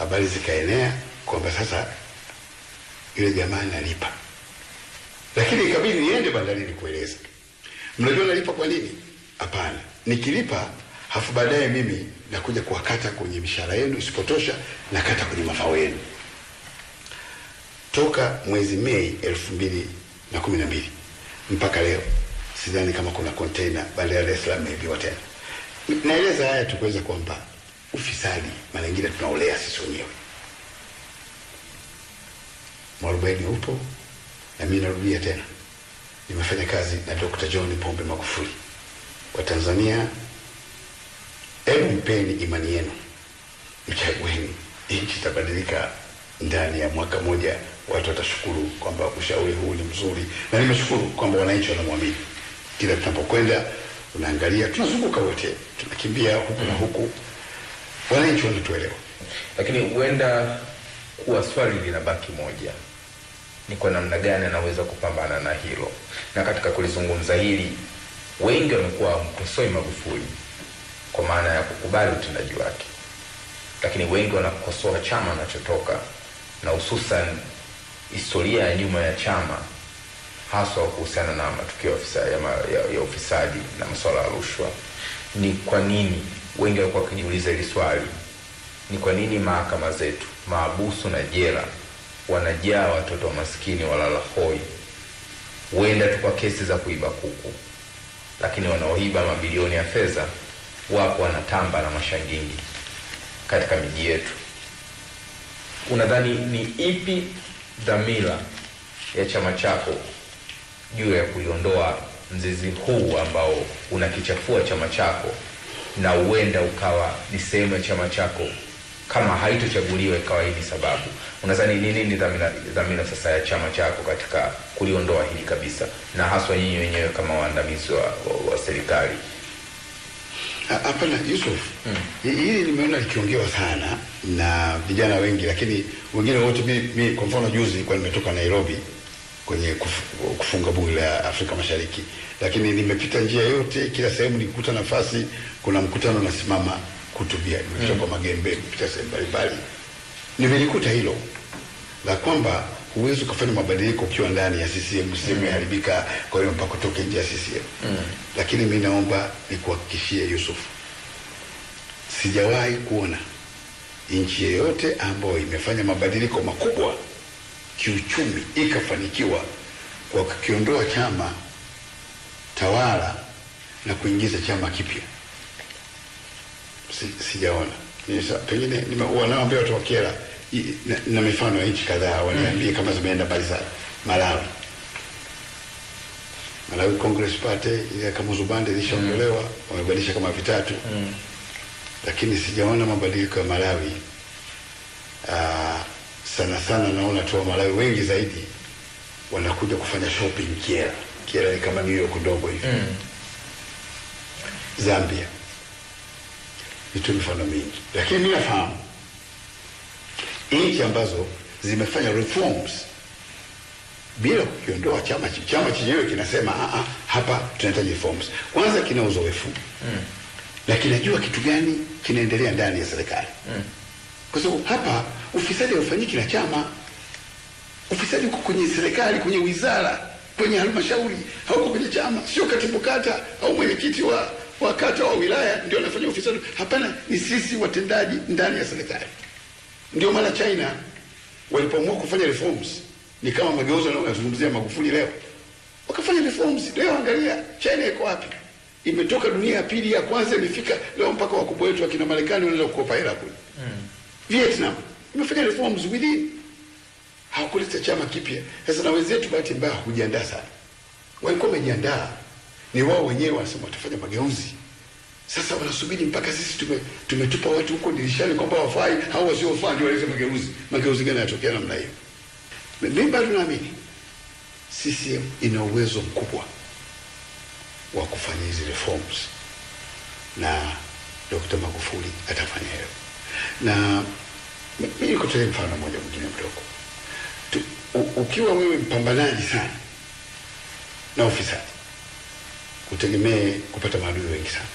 habari zikaenea kwamba sasa yule jamaa nalipa, lakini ikabidi niende bandarini kueleza. Mnajua nalipa kwa nini? Hapana, nikilipa hafu baadaye mimi nakuja kuwakata kwenye mishahara yenu, isipotosha nakata kwenye mafao yenu. Toka mwezi Mei elfu mbili na kumi na mbili mpaka leo sidhani kama kuna kontena bandari ya Dar es Salaam imeibiwa tena. Naeleza haya tukuweza kwamba Ufisadi mara nyingine tunaolea sisi wenyewe. Mwarobaini upo na mimi narudia tena, nimefanya kazi na Dr. John Pombe Magufuli kwa Tanzania. Hebu mpeni imani yenu, mchagueni, nchi itabadilika ndani ya mwaka moja. Watu watashukuru kwamba ushauri huu ni mzuri, na nimeshukuru kwamba wananchi wanamwamini. Kila tunapokwenda unaangalia, tunazunguka wote, tunakimbia huku na huku wananchi wanatuelewa, lakini huenda kuwa swali linabaki moja, ni kwa namna gani anaweza kupambana na hilo. Na katika kulizungumza hili, wengi wamekuwa wamkosoi Magufuli kwa maana ya kukubali utendaji wake, lakini wengi wanakosoa chama anachotoka na hususan historia ya nyuma ya chama haswa kuhusiana na matukio ya, ufisadi na masuala ya rushwa. Ni kwa nini wengi walikuwa wakijiuliza hili swali, ni kwa nini mahakama zetu, maabusu na jela wanajaa watoto wa maskini walala hoi, huenda tu kwa kesi za kuiba kuku, lakini wanaoiba mabilioni ya fedha wapo wanatamba na mashangingi katika miji yetu. Unadhani ni ipi dhamira ya chama chako juu ya kuiondoa mzizi huu ambao unakichafua chama chako? na huenda ukawa ni sehemu ya chama chako kama haitochaguliwa ikawa hii ni sababu. Unadhani ni nini dhamira, dhamira sasa ya chama chako katika kuliondoa hili kabisa, na haswa nyinyi wenyewe kama waandamizi wa, wa, wa serikali? Hapana Yusuf, hmm. Hili nimeona likiongewa sana na vijana wengi, lakini wengine wote, mimi kwa mfano juzi nilikuwa nimetoka Nairobi kwenye kufunga bunge la Afrika Mashariki, lakini nimepita njia yote, kila sehemu nikikuta nafasi, kuna mkutano nasimama kutubia. Nimepita kwa mm. Magembe, nimepita sehemu mbalimbali, nimelikuta hilo la kwamba huwezi ukafanya mabadiliko ukiwa ndani ya CCM. CCM mm. imeharibika mm. kwa hiyo mpaka kutoke nje ya CCM mm. Lakini mi naomba nikuhakikishie Yusuf, sijawahi kuona nchi yeyote ambayo imefanya mabadiliko makubwa kiuchumi ikafanikiwa kwa kukiondoa chama tawala na kuingiza chama kipya si, sijaona pengine wanaoambia watu wa na, na mifano ya nchi kadhaa waniambie mm. kama zimeenda mbali sana. Malawi, Malawi Congress Party ile kama Zubande ilishaondolewa mm. wamebadilisha kama vitatu mm. lakini sijaona mabadiliko ya Malawi. Aa, ah, sana sana naona tu Wamalawi wengi zaidi wanakuja kufanya shopping Kiera. Kiera ni kama New York ndogo hivi mm. Zambia vitu mifano mingi, lakini mimi nafahamu nchi ambazo zimefanya reforms bila kukiondoa chama. Chama chenyewe kinasema a, ah, ah, hapa tunahitaji reforms. Kwanza kina uzoefu mm. na kinajua kitu gani kinaendelea ndani ya serikali mm. kwa sababu hapa Ufisadi haufanyiki kila chama. Ufisadi uko kwenye serikali, kwenye wizara, kwenye halmashauri, hauko kwenye chama. Sio katibu kata au mwenyekiti wa, wa kata wa wilaya ndio anafanya ufisadi. Hapana, ni sisi watendaji ndani ya serikali. Ndio maana China walipoamua kufanya reforms ni kama mageuzo yanayozungumzia Magufuli leo, wakafanya reforms. Leo angalia China iko wapi? Imetoka dunia ya pili, ya kwanza imefika leo, mpaka wakubwa wetu wa kina Marekani wanaweza kukopa hela kule. Mm. Vietnam imefanya reforms within, hawakuleta chama kipya. Sasa na wenzetu, bahati mbaya, hawakujiandaa sana. Walikuwa wamejiandaa, ni wao wenyewe wanasema watafanya mageuzi. Sasa wanasubiri mpaka sisi tume, tumetupa watu huko dirishani kwamba wafai au wasiofaa ndio waleze mageuzi. Mageuzi gani yanatokea namna hiyo? Mimi bado naamini CCM ina uwezo mkubwa wa kufanya hizi reforms na Dr. Magufuli atafanya hiyo na Nikutolea mfano moja mwingine mdogo tu. Ukiwa wewe mpambanaji sana na ufisadi, utegemee kupata maadui wengi sana.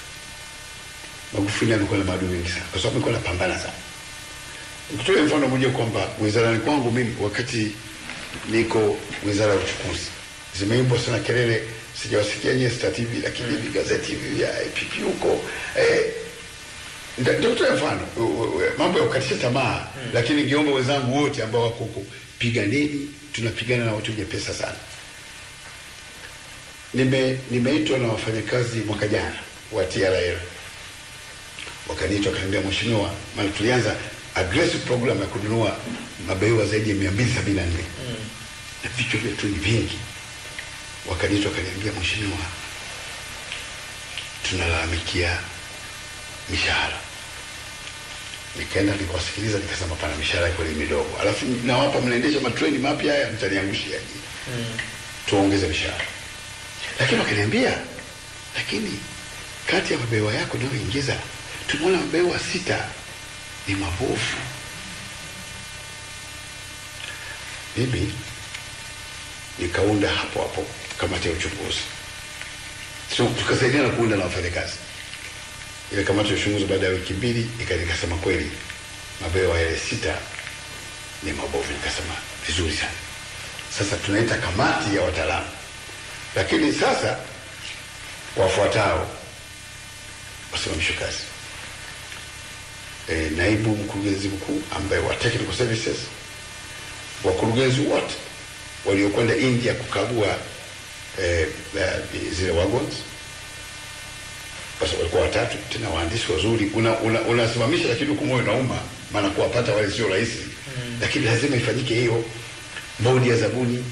Magufuli alikuwa na maadui wengi sana kwa sababu alikuwa anapambana sana. Nikutolea mfano mmoja kwamba wizarani kwangu mimi, wakati niko wizara ya uchukuzi, zimeimbwa sana kelele, sijawasikia nyie TV, lakini gazeti hivi ya IPP huko eh, Nitakutoa mfano mambo ya kukatisha tamaa hmm. Lakini ngeomba wenzangu wote ambao wako huko, piganeni. Tunapigana na watu wenye pesa sana. Nime nimeitwa na wafanyakazi mwaka jana wa TRL, wakaniitwa wakaniambia, mheshimiwa, maana tulianza aggressive program ya kununua mabehewa zaidi ya 274 hmm. na vichwa vyetu ni vingi. Wakaniitwa wakaniambia, mheshimiwa, tunalalamikia mishahara nikaenda nikawasikiliza, nikasema pana mishahara kweli midogo, alafu nawapa mnaendesha matreni mapya haya, mtaniangushia mm. tuongeze mishahara. Lakini wakaniambia, lakini kati ya mabewa yako unayoingiza tumeona mabewa sita ni mabovu. Mimi nikaunda hapo hapo kamati ya uchunguzi, tukasaidiana kuunda na wafanyakazi ile kamati ya uchunguzi baada ya wiki mbili ikasema kweli mabehewa yale sita ni mabovu. Nikasema vizuri sana, sasa tunaita kamati ya wataalamu. Lakini sasa wafuatao wasimamishwe kazi: e, naibu mkurugenzi mkuu ambaye wa technical services, wakurugenzi wote waliokwenda India kukagua e, e, zile wagons kwa sababu kwa watatu tena waandishi wazuri. Unasimamisha una, lakini huku moyo unauma, maana kuwapata wale sio rahisi mm. Lakini lazima ifanyike hiyo. Bodi ya zabuni,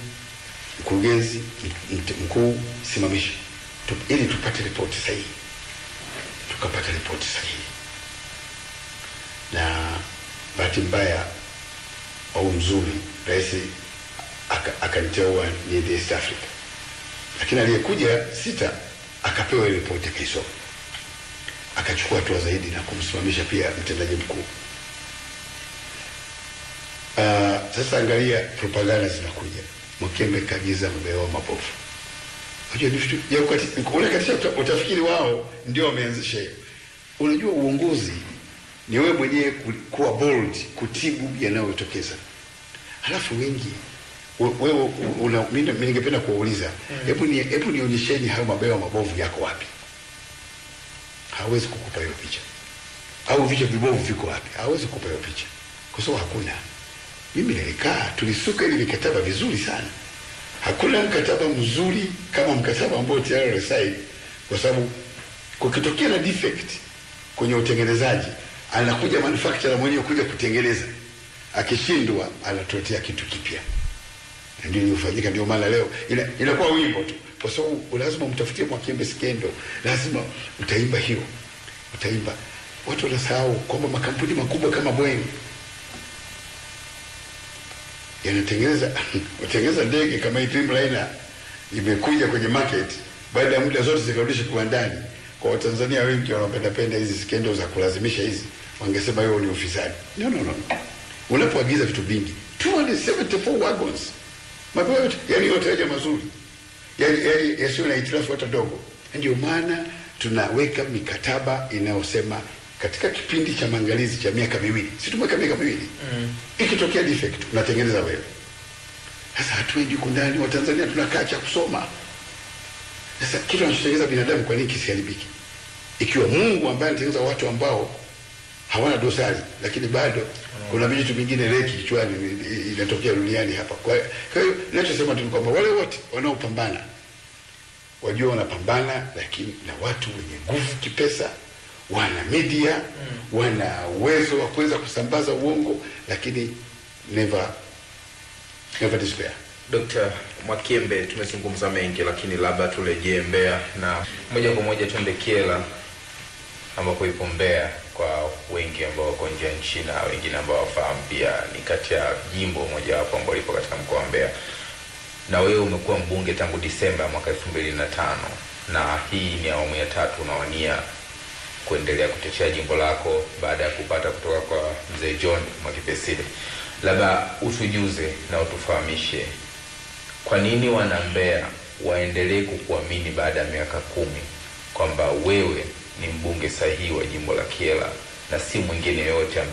mkurugenzi mkuu, simamisha Tup, ili tupate ripoti sahihi, tukapata ripoti sahihi. Na bahati mbaya au mzuri, rais akaniteua ni East Africa, lakini aliyekuja sita akapewa ripoti akaisoma akachukua hatua zaidi na kumsimamisha pia mtendaji mkuu. Uh, sasa angalia propaganda zinakuja, Mkembe Kagiza mmeoa mabovu. Unajua ya utafikiri wao ndio wameanzisha hiyo. Unajua uongozi ni wewe mwenyewe kuwa bold, kutibu yanayotokeza. Halafu wengi wewe, mimi ningependa kuwauliza, hmm. hebu nionyesheni hayo mabewa mabovu yako wapi? hawezi kukupa hiyo picha, au vicha vibovu viko wapi? Hawezi kukupa hiyo picha kwa sababu hakuna. Mimi nilikaa, tulisuka ile mikataba vizuri sana. Hakuna mkataba mzuri kama mkataba ambao tayari resign, kwa sababu kukitokea na defect kwenye utengenezaji anakuja manufacturer mwenyewe kuja kutengeneza, akishindwa anatuletea kitu kipya. Ndio iliyofanyika, ndio maana leo inakuwa ina wimbo tu kwa sababu lazima umtafutie Mwakyembe Skendo, lazima utaimba hiyo, utaimba. Watu wanasahau kwamba makampuni makubwa kama Boeing yanatengeneza yanatengeneza ndege kama hii Dreamliner imekuja kwenye market baada ya muda zote zikarudishwa kiwandani. Kwa Watanzania wengi wanapendapenda hizi skendo za kulazimisha hizi, wangesema hiyo ni ufisadi. No, no, no. Unapoagiza vitu vingi 274 wagons mapewa yote, yani mazuri yale yaani, yasiyo yaani, na itilafu hata dogo. Ndio maana tunaweka mikataba inayosema katika kipindi cha maangalizi cha miaka miwili, si tumeweka miaka miwili mm. ikitokea defect unatengeneza wewe. Sasa hatuendi huko ndani, Watanzania tunakaa cha kusoma. Sasa kitu anachotengeneza binadamu, kwa nini kisiharibiki? Ikiwa Mungu ambaye anatengeneza watu ambao hawana dosari, lakini bado kuna vitu vingine leki kichwani inatokea duniani hapa. Kwa hiyo nachosema tu ni kwamba wale wote wanaopambana wajua wanapambana, lakini na watu wenye nguvu kipesa, wana media, mm. wana uwezo wa kuweza kusambaza uongo, lakini never never despair. Dr. Mwakembe, tumezungumza mengi, lakini labda turejee Mbeya na moja kwa moja tuende Kyela ambapo ipo Mbeya kwa wengi ambao wako nje ya nchi na wengine ambao wafahamu, pia ni kati ya jimbo mojawapo ambao lipo katika mkoa wa Mbeya. Na wewe umekuwa mbunge tangu Disemba mwaka elfu mbili na tano na hii ni awamu ya tatu unawania kuendelea kutetea jimbo lako baada ya kupata kutoka kwa mzee John Mwakipesile. Labda utujuze na utufahamishe kwa nini wana Mbeya waendelee kukuamini baada ya miaka kumi kwamba wewe ni mbunge sahihi wa jimbo la Kyela na si mwingine yoyote ambaye